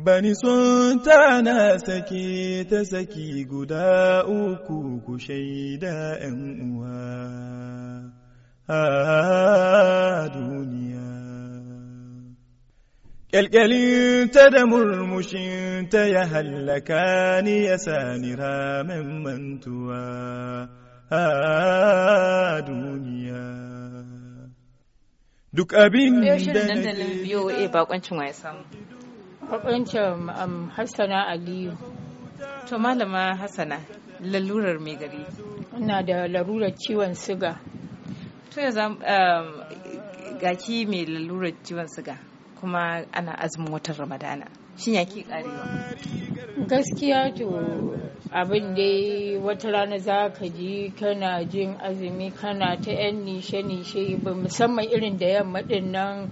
Bani sun tana sake ta saki guda uku ku shaida ‘yan uwa a duniya. Ƙyalƙyalinta da murmushinta ya hallaka ni ya sani ramen mantuwa a duniya. Duk abin da na ke... biyo bakoncin wa ya samu. Kwabancin um, Hassana Aliyu. To malama Hassana, lalurar mai gari. Ina da lalurar ciwon siga. To ya um, gaki mai lalurar ciwon siga kuma ana azumin watan Ramadana. Shin ya ki karewa? Gaskiya to abin dai wata rana za ka ji kana jin azumi kana ta 'yan nishe-nishe musamman irin da yamma din nan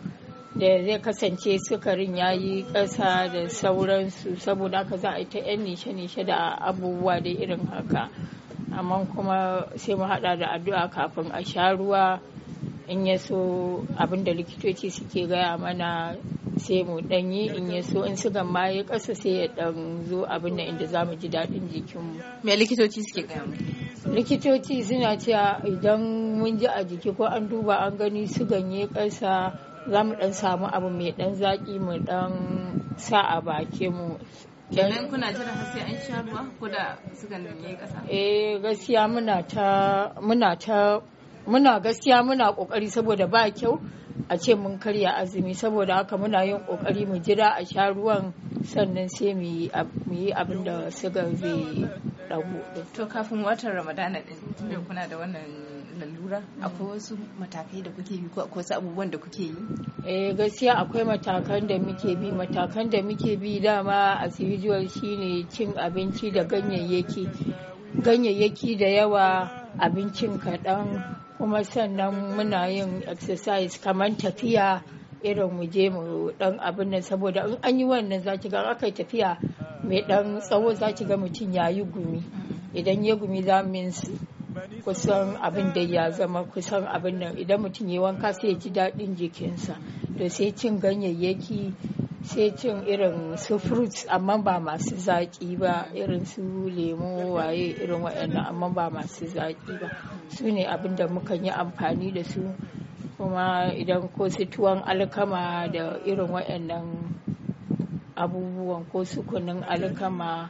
da zai kasance sukarin ya yi ƙasa da sauransu saboda ka za a yi ta 'yan nishe-nishe da abubuwa da irin haka amma kuma sai mu hada da addu'a kafin a sha ruwa in ya so abin da likitoci suke gaya mana sai mu danyi in ya so in su ma ya ƙasa sai ya dan zo abin da inda za mu ji daɗin jikinmu me likitoci suke gaya mana likitoci suna cewa idan mun ji a jiki ko an duba an gani su ganye ƙasa za mu dan samu abu mai dan zaki mu dan sa a bake mu kenan kuna jira har sai an sha ruwa ko da suka nemi kasa eh gaskiya muna ta muna ta muna gaskiya muna kokari saboda ba kyau a ce mun karya azumi saboda haka muna yin kokari mu jira a sha ruwan sannan sai mu yi abin da suga zai ɗago to kafin watan ramadana din kuna da wannan lalura akwai wasu matakai da kuke bi ko akwai wasu abubuwan da kuke yi eh gaskiya akwai matakan da muke bi matakan da muke bi dama a usual shine cin abinci da ganyayyaki ganyayyaki da yawa abincin kaɗan kuma sannan muna yin exercise kamar tafiya irin mu je mu dan abin nan saboda in an yi wannan zaki ga aka tafiya mai dan tsawo za ki ga mutum ya yi gumi idan ya gumi za means kusan abin da ya zama kusan abin nan idan mutum ya wanka sai ya ji daɗin jikinsa to sai cin ganyayyaki sai cin irin su fruits amma ba masu zaƙi ba irin su lemu waye irin waɗannan amma ba masu zaƙi ba su ne abin da muka yi amfani da su kuma idan ko su tuwon alkama da irin waɗannan abubuwan ko sukunin alkama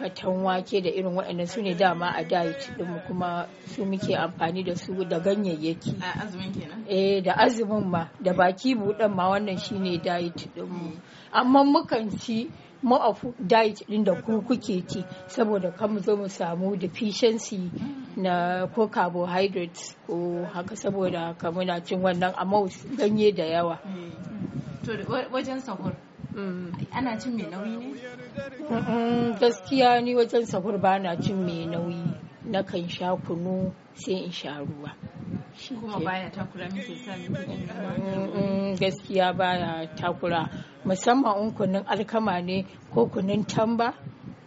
fatan wake da irin waɗannan su ne dama a diet ɗinmu kuma su muke amfani da su da ganyayyaki. A azumin kenan? Eh da azumin ma da baki buɗan ma wannan shi shine diet ɗinmu. Amma mukan ci ma'afu diet ɗin da ku kuke ci saboda kan mu zo mu samu deficiency na ko carbohydrates ko haka saboda ka muna cin wannan amma ganye da yawa. Mm. wajen sahur. ana cin mai nauyi ne gaskiya ni wajen sahur ba na cin mai nauyi na kan sha kunu sai in sha ruwa shi kuma baya takura gaskiya baya takura musamman in kunun alkama ne ko kunun tamba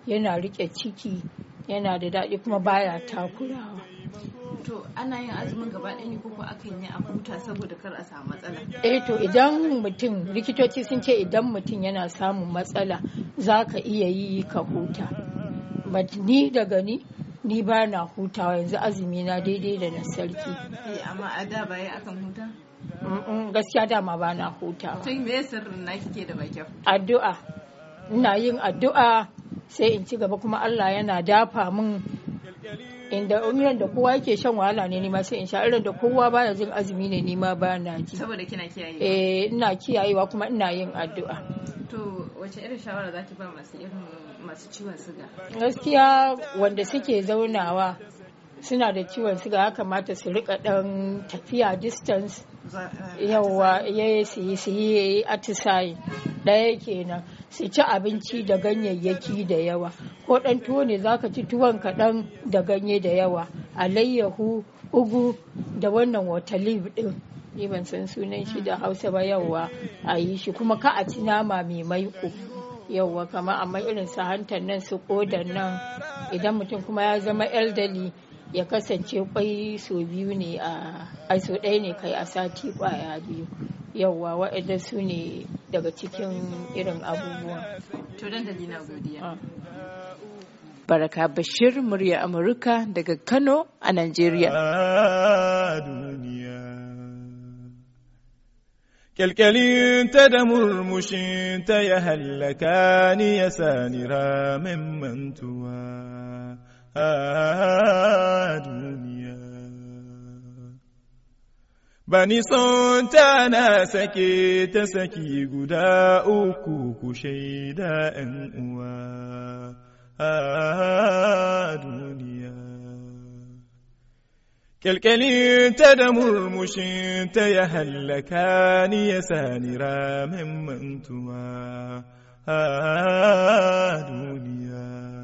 yana rike ciki yana da daɗi kuma baya takurawa to ana yin azumin gaba ɗaya ne akan yi a huta saboda kar a samu matsala eh to idan mutum likitoci sun ce idan mutum yana samun matsala za ka iya yi ka huta but ni daga ni ni ba na hutawa yanzu azumi na daidai da na sarki eh, amma a da akan huta gaskiya dama ba na hutawa tun me sirrin na kike da baki addu'a ina yin addu'a sai in ci gaba kuma Allah yana dafa min inda irin da kowa yake shan wahala ne nima sai in sha irin da kowa baya jin azumi ne nima ba na ji saboda kina kiyaye eh ina kiyayewa kuma ina yin addu'a to wace irin shawara zaki ba masu irin masu ciwon suga gaskiya wanda suke zaunawa suna da ciwon siga ya kamata su rika dan tafiya distance yawa ya su yi su yi atisaye ɗaya kenan su ci abinci da ganyayyaki da yawa ko ɗan tuwo ne zaka ci tuwon kaɗan da ganye da yawa alayyahu ugu da wannan water leaf ɗin ni ban san sunan shi da hausa ba yawa a yi shi kuma ka a ci nama mai maiko yawwa kama amma irin su hantar nan su kodan nan idan mutum kuma ya zama eldali ya kasance kwai so biyu ne a aiso ɗaya ne kai a sati kwaya biyu yauwa waɗanda su ne daga cikin irin abubuwan to godiya ah. baraka bashir murya amurka daga kano a nigeria ta da murmushinta ya hallaka ni ya sani ramin mantuwa Bani sonta na sake ta saki guda uku ku shaida ‘yan uwa a duniya. Kyalkyalinta da murmushinta ya hallaka ni ya sani ramin mantuwa a duniya.